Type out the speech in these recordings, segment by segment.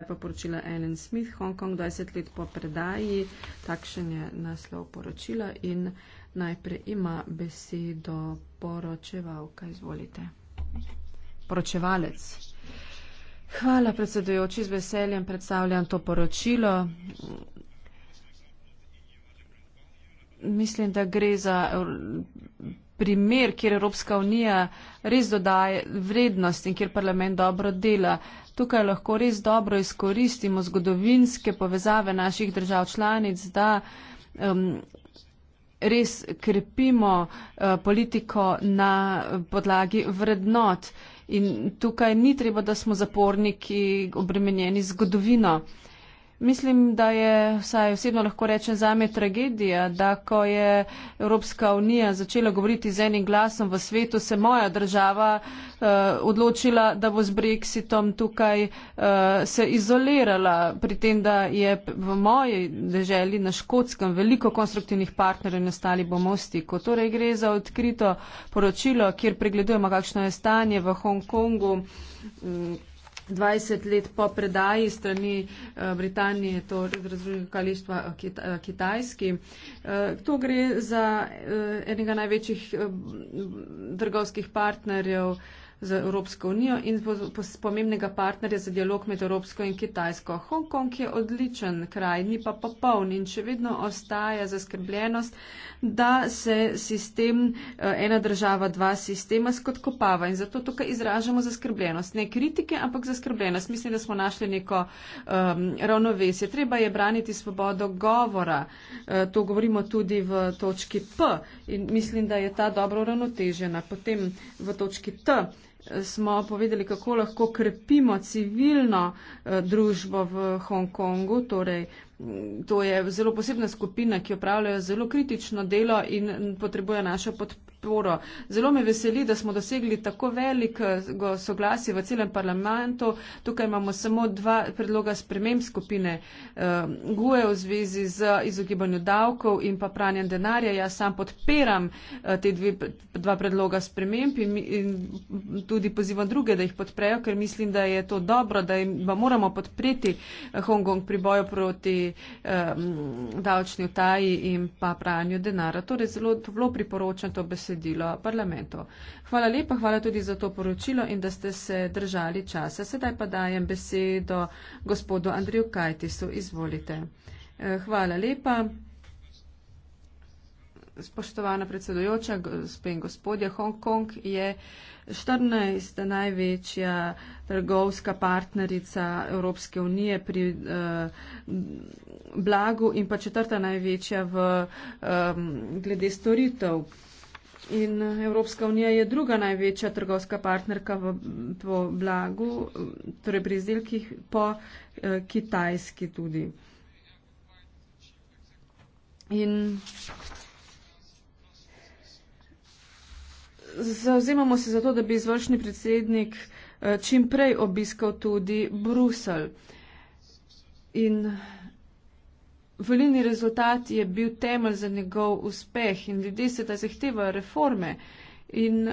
Lepo poročila Ellen Smith, Hongkong 20 let po predaji. Takšen je naslov poročila in najprej ima besedo poročevalka. Izvolite. Poročevalec. Hvala, predsedujoči, z veseljem predstavljam to poročilo. Mislim, da gre za primer, kjer Evropska unija res dodaje vrednost in kjer parlament dobro dela. Tukaj lahko res dobro izkoristimo zgodovinske povezave naših držav članic, da um, res krepimo uh, politiko na podlagi vrednot. In tukaj ni treba, da smo zaporniki obremenjeni zgodovino. Uh, Mislim, da je vsaj osebno lahko reče za me tragedija, da ko je Evropska unija začela govoriti z enim glasom v svetu, se moja država uh, odločila, da bo z Brexitom tukaj uh, se izolirala, pri tem, da je v moji deželi na škotskem veliko konstruktivnih partnerjev in ostali bomo stiko. Torej gre za odkrito poročilo, kjer pregledujemo, kakšno je stanje v Hongkongu. Um, 20 let po predaji strani eh, Britanije, to razrušenega kaljištva eh, eh, Kitajski. To gre za enega največjih trgovskih partnerjev z Evropsko unijo in pomembnega partnerja za dialog med Evropsko in Kitajsko. Hongkong je odličen kraj, ni pa popoln in še vedno ostaja zaskrbljenost, da se sistem eh, ena država, dva sistema skotkopava in zato tukaj izražamo zaskrbljenost. Ne kritike, ampak zaskrbljenost. Mislim, da smo našli neko um, ravnovesje. Treba je braniti svobodo govora. E, to govorimo tudi v točki P in mislim, da je ta dobro ravnotežena. Potem v točki T smo povedali, kako lahko krepimo civilno eh, družbo v Hongkongu. Torej, to je zelo posebna skupina, ki opravljajo zelo kritično delo in potrebuje našo podporo podporo. Zelo me veseli, da smo dosegli tako velik eh, soglasje v celem parlamentu. Tukaj imamo samo dva predloga sprememb skupine uh, eh, GUE v zvezi z izogibanju davkov in pa pranjem denarja. Jaz sam podpiram uh, te dve, dva predloga sprememb in, in tudi pozivam druge, da jih podprejo, ker mislim, da je to dobro, da jim moramo podpreti Hongkong pri boju proti um, davčni utaji in pa pranju denara. Torej, zelo toplo priporočam to besedilo besedilo parlamentov. Hvala lepa, hvala tudi za to poročilo in da ste se držali časa. Sedaj pa dajem besedo gospodu Andriju Kajtisu. Izvolite. Eh, hvala lepa. Spoštovana predsedujoča, gospe in gospodje, Hong Kong je 14. največja trgovska partnerica Evropske unije pri eh, blagu in pa četrta največja v, eh, glede storitev. In Evropska unija je druga največja trgovska partnerka v, po blagu, torej pri izdelkih po eh, kitajski tudi. In zauzemamo se za to, da bi izvršni predsednik eh, čimprej obiskal tudi Brusel. In Volilni rezultat je bil temelj za njegov uspeh in ljudje se da zahtevajo reforme in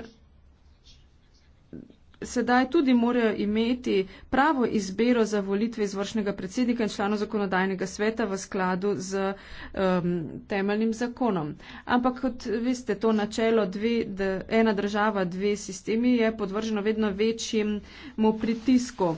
sedaj tudi morajo imeti pravo izbiro za volitve izvršnega predsednika in člano zakonodajnega sveta v skladu z um, temeljnim zakonom. Ampak kot veste, to načelo dve, de, ena država, dve sistemi je podvrženo vedno večjemu pritisku.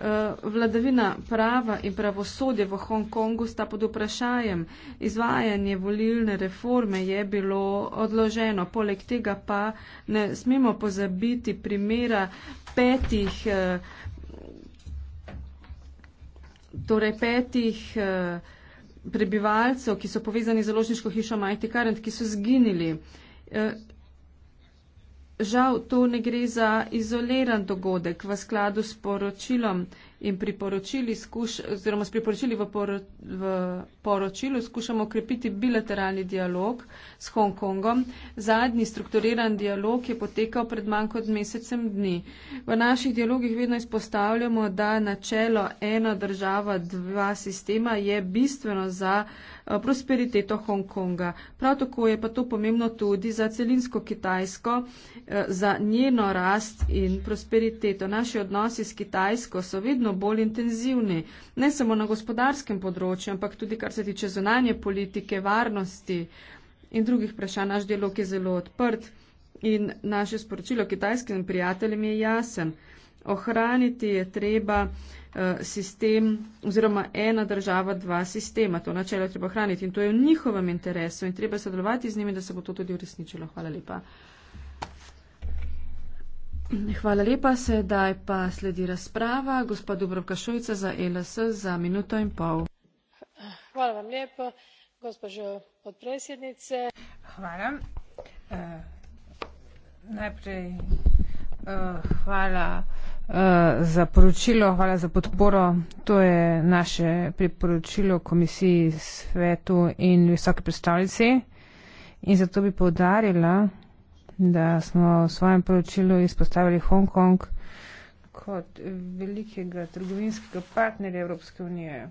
Eh, vladavina prava in pravosodje v Hongkongu sta pod vprašanjem. Izvajanje volilne reforme je bilo odloženo. Poleg tega pa ne smemo pozabiti primera petih, eh, torej petih eh, prebivalcev, ki so povezani z ložniško hišo Majti Karent, ki so zginili. Žal to ne gre za izoliran dogodek v skladu s poročilom in priporočili, skuš, oziroma s priporočili v, poro, v poročilu skušamo krepiti bilateralni dialog s Hongkongom. Zadnji strukturiran dialog je potekal pred manj kot mesecem dni. V naših dialogih vedno izpostavljamo, da načelo ena država, dva sistema je bistveno za. Eh, prosperiteto Hongkonga. Prav tako je pa to pomembno tudi za celinsko Kitajsko, eh, za njeno rast in prosperiteto. Naši odnosi s Kitajsko so vedno bolj intenzivni, ne samo na gospodarskem področju, ampak tudi kar se tiče zunanje politike, varnosti in drugih vprašanj. Naš dialog je zelo odprt in naše sporočilo kitajskim prijateljem je jasen. Ohraniti je treba Eh, sistem oziroma ena država, dva sistema. To načelo je treba hraniti in to je v njihovem interesu in treba sodelovati z njimi, da se bo to tudi uresničilo. Hvala lepa. Hvala lepa. Sedaj pa sledi razprava. Gospa Dubrovka Šojca za e LS za minuto in pol. Hvala vam lepo, gospođo podpredsjednice. Hvala. Uh, najprej uh, hvala. Eh, za poročilo, hvala za podporo. To je naše priporočilo komisiji svetu in visoke predstavnici. In zato bi povdarila, da smo v svojem poročilu izpostavili Hongkong kot velikega trgovinskega partnerja Evropske unije.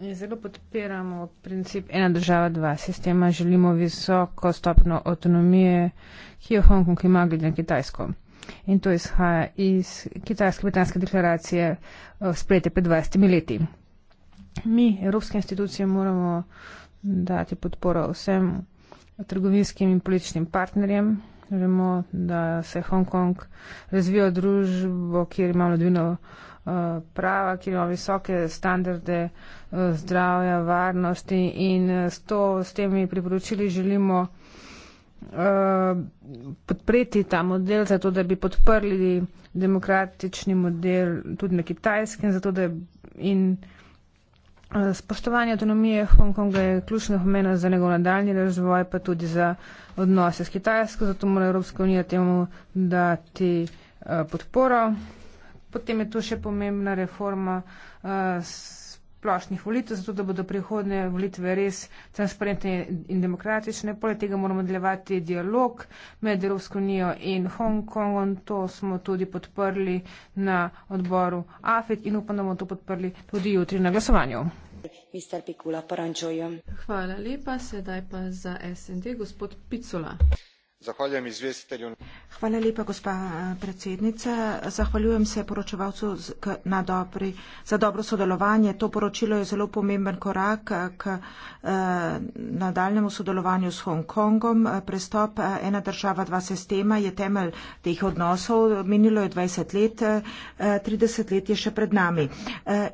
In zelo podpiramo princip ena država, dva sistema. Želimo visoko stopno avtonomije, ki jo Hongkong ima glede na Kitajsko in to izhaja iz kitajsko-britanske deklaracije eh, sprejete pred 20 leti. Mi, evropske institucije, moramo dati podporo vsem trgovinskim in političnim partnerjem. Vemo, da se Hongkong razvija družbo, kjer ima vladavino eh, prava, kjer ima visoke standarde eh, zdravja, varnosti in s, to, s temi priporočili želimo Eh, podpreti ta model, zato da bi podprli demokratični model tudi na kitajskem, zato da in eh, spoštovanje avtonomije Hongkonga je ključno pomena za njegov nadaljni razvoj, pa tudi za odnose s Kitajsko, zato mora Evropska unija temu dati eh, podporo. Potem je tu še pomembna reforma. Uh, s, splošnih volitev, zato da bodo prihodne volitve res transparentne in demokratične. Poleg tega moramo nadaljevati dialog med Evropsko unijo in Hongkongom. To smo tudi podprli na odboru AFET in upam, da bomo to podprli tudi jutri na glasovanju. Mister Pikula, parančujem. Hvala lepa, sedaj pa za SND, gospod Picula. Zahvaljujem izvestitelju. Hvala lepa, gospa eh, predsednica. Zahvaljujem se poročevalcu dobri, za dobro sodelovanje. To poročilo je zelo pomemben korak eh, k eh, nadaljemu sodelovanju s Hongkongom. Prestop ena država, dva sistema je temelj teh odnosov. Minilo je 20 let, 30 let je še pred nami.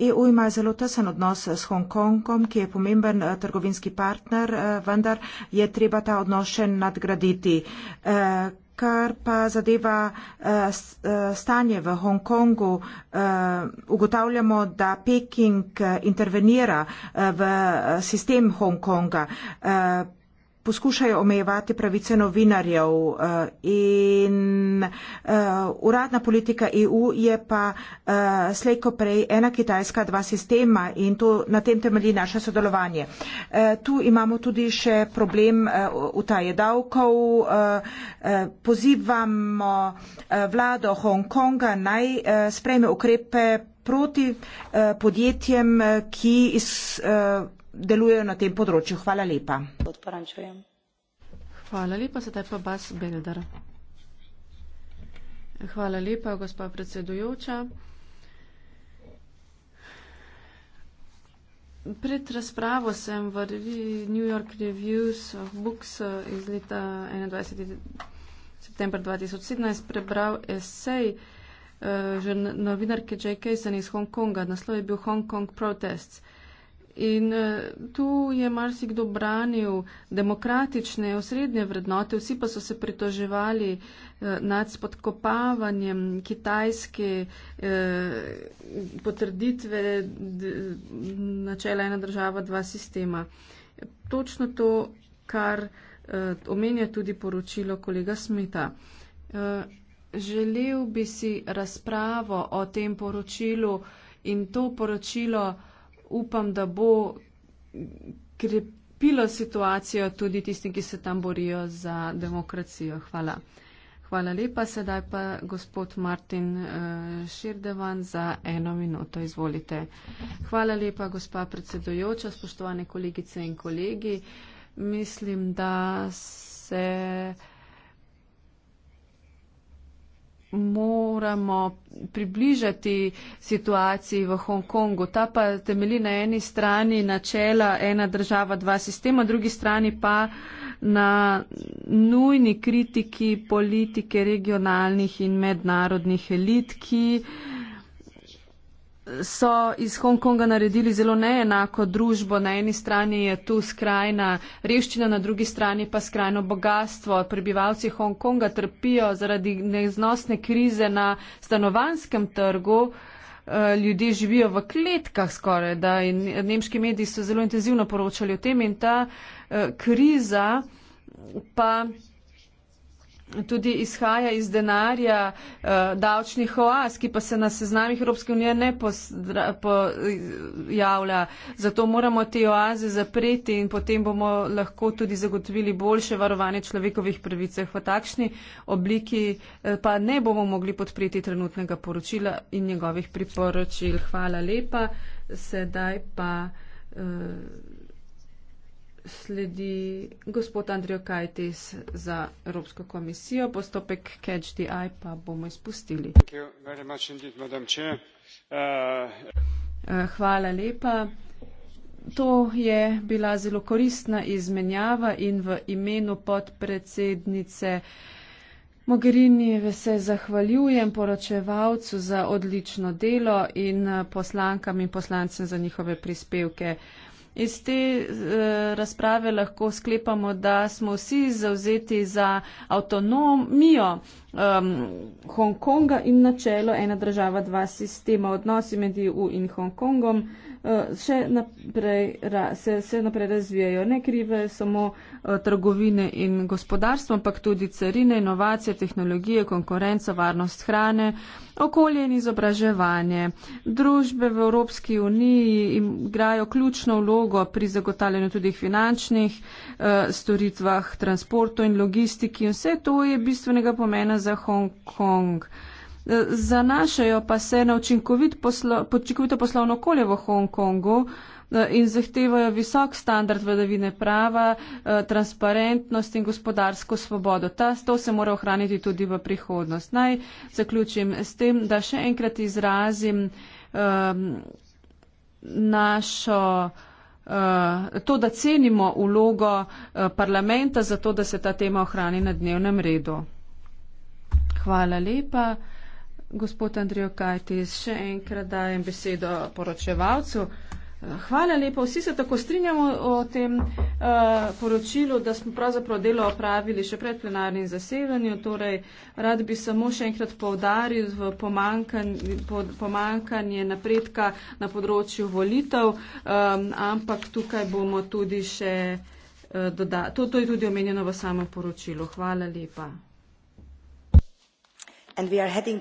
EU e ima zelo tesen odnos s Hongkongom, ki je pomemben trgovinski partner, vendar je treba ta odnos še nadgraditi. Eh, kar pa zadeva eh, eh, stanje v Hongkongu, ugotavljamo, da Peking intervenira v sistem Hongkonga poskušajo omejevati pravice novinarjev eh, in eh, uradna politika EU je pa eh, slejko prej ena kitajska, dva sistema in to na tem temelji naše sodelovanje. Tu imamo tudi še problem utaje davkov. Pozivamo vlado Hongkonga naj sprejme ukrepe proti podjetjem, ki iz delujejo na tem področju. Hvala lepa. Odporančujem. Hvala lepa, sedaj pa Bas Belder. Hvala lepa, gospa predsedujoča. Pred razpravo sem v New York Reviews of Books eh, iz leta 21. septembra 2017 prebral esej uh, novinarke J. Kaysen iz Hongkonga. Naslov je bil Hong Kong Protests. Uh, In eh, tu je marsikdo branil demokratične osrednje vrednote, vsi pa so se pritoževali eh, nad spodkopavanjem kitajske eh, potrditve načela ena država, dva sistema. Točno to, kar omenja tudi poročilo kolega Smita. Želel bi si razpravo o tem poročilu in to poročilo upam, da bo krepilo situacijo tudi tistim, ki se tam borijo za demokracijo. Hvala. Hvala lepa. Sedaj pa gospod Martin eh, Širdevan za eno minuto. Izvolite. Hvala lepa, gospa predsedojoča, spoštovane kolegice in kolegi. Mislim, da se. Mo moramo približati situaciji v Hongkongu. Ta pa temeli na eni strani načela ena država, dva sistema, drugi strani pa na nujni kritiki politike regionalnih in mednarodnih elit, ki so iz Hongkonga naredili zelo neenako družbo. Na eni strani je tu skrajna revščina, na drugi strani pa skrajno bogatstvo. Prebivalci Hongkonga trpijo zaradi neznosne krize na stanovanskem trgu. Eh, ljudje živijo v kletkah skoraj, da in nemški mediji so zelo intenzivno poročali o tem in ta eh, kriza pa tudi izhaja iz denarja uh, davčnih oaz, ki pa se na seznamih Evropske unije ne pojavlja. Zato moramo te oaze zapreti in potem bomo lahko tudi zagotovili boljše varovanje človekovih pravic. V takšni obliki eh, pa ne bomo mogli podpreti trenutnega poročila in njegovih priporočil. Hvala lepa. Sedaj pa. Uh, sledi gospod Andrijo Kajtis za Evropsko komisijo. Postopek Catch the Eye pa bomo izpustili. Indeed, uh, Hvala lepa. To je bila zelo koristna izmenjava in v imenu podpredsednice Mogherini se zahvaljujem poročevalcu za odlično delo in poslankam in poslancem za njihove prispevke. Iz te e, razprave lahko sklepamo, da smo vsi zauzeti za avtonomijo um, Hongkonga in načelo ena država, dva sistema odnosi med EU in Hongkongom uh, še naprej, ra, se, se naprej razvijajo. Ne krive samo uh, trgovine in gospodarstvo, ampak tudi carine, inovacije, tehnologije, konkurenca, varnost hrane, okolje in izobraževanje. Družbe v Evropski uniji igrajo ključno vlogo pri zagotavljanju tudi finančnih uh, storitvah, transportu in logistiki. Vse to je bistvenega pomena za Hongkong. E, zanašajo pa se na učinkovit poslo, učinkovito poslovno okolje v Hongkongu e, in zahtevajo visok standard vladavine prava, e, transparentnost in gospodarsko svobodo. Ta, to se mora ohraniti tudi v prihodnost. Naj zaključim s tem, da še enkrat izrazim um, našo. To, da cenimo ulogo parlamenta za to, da se ta tema ohrani na dnevnem redu. Hvala lepa. Gospod Andrej Kajtis, še enkrat dajem besedo poročevalcu. Hvala lepa. Vsi se tako strinjamo o tem uh, poročilu, da smo pravzaprav delo opravili še pred plenarnim zasedanjem. Torej, rad bi samo še enkrat povdaril pomankanje napredka na področju volitev, um, ampak tukaj bomo tudi še uh, eh, dodali. To, to je tudi omenjeno v samem poročilu. Hvala lepa and we are heading